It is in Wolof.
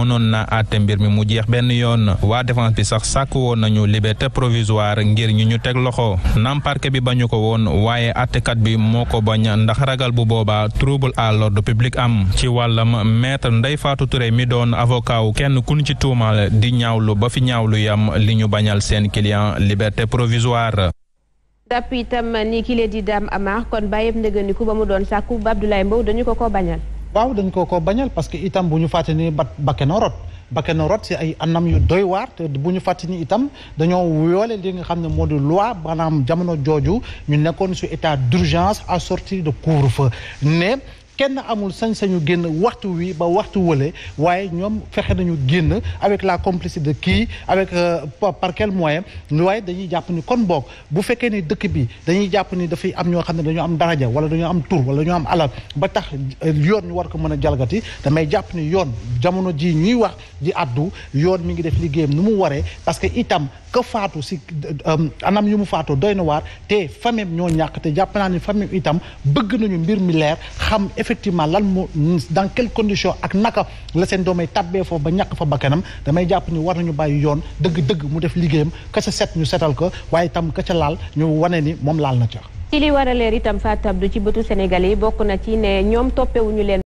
mënoon na àtte mbir mi mu jeex benn yoon waa défense bi sax sàkk woon nañu liberté provisoire ngir ñu ñu teg loxo naam parquet bi bañu ko woon waaye àttekat bi moo ko bañ ndax ragal bu boobaa trouble à l'ordre public am ci wàllam maître ndey faatu Touré mi doon avocat wu kenn kun ci tuumal di ñaawlu ba fi ñaawlu yam li ñu bañal seen client liberté provisoire dàpp itam ni ki di Dame Amar kon bàyyeb ndëgandiku ba mu doon sàkku ba Abdoulaye dañu ko waaw dañ koo ko bañal parce que itam bu ñu fàtte ni ba bakkena rot bakkena rot si ay anam yu doy waar te bu ñu fàtte itam dañoo yoole li nga xam ne moo di loi maanaam jamono jooju ñu nekkoon su état d'urgence assorti de couvre-feu ne kenn amul sañ-sañu génn waxtu wii ba waxtu wële waaye ñoom fexe nañu génn avec la complicité de kii avec euh, par quel moyen waaye dañuy jàpp ni kon boog bu fekkee ni dëkk bi dañuy jàpp ni dafay am ñoo xam ne dañoo am daraja wala dañoo am tur wala dañoo am alal ba tax euh, yoon ñu war ko mën a jalgati damay jàpp ni yoon jamono ji ñuy wax ji addu yoon mi ngi def liggéeyam nu mu waree parce que itam ka faatu si euh, anam yu mu faatoo doy na waar te famille ñoo ñàkk te jàpp naa ni famille itam bëgg nañu mbir mi effectivement lan mu dans quelles conditions ak naka la seen doomay tàbbee foofu ba ñàkk fa bakkanam damay jàpp ni war nañu bàyyi yoon dëgg-dëgg mu def liggéeyam ka set ñu setal ko waaye itam ka laal ñu wane ni moom laal na ca. ci li war a leer itam Fatou Abdou ci bëtu Sénégal yi bokk na ci ne ñoom toppewuñu leen.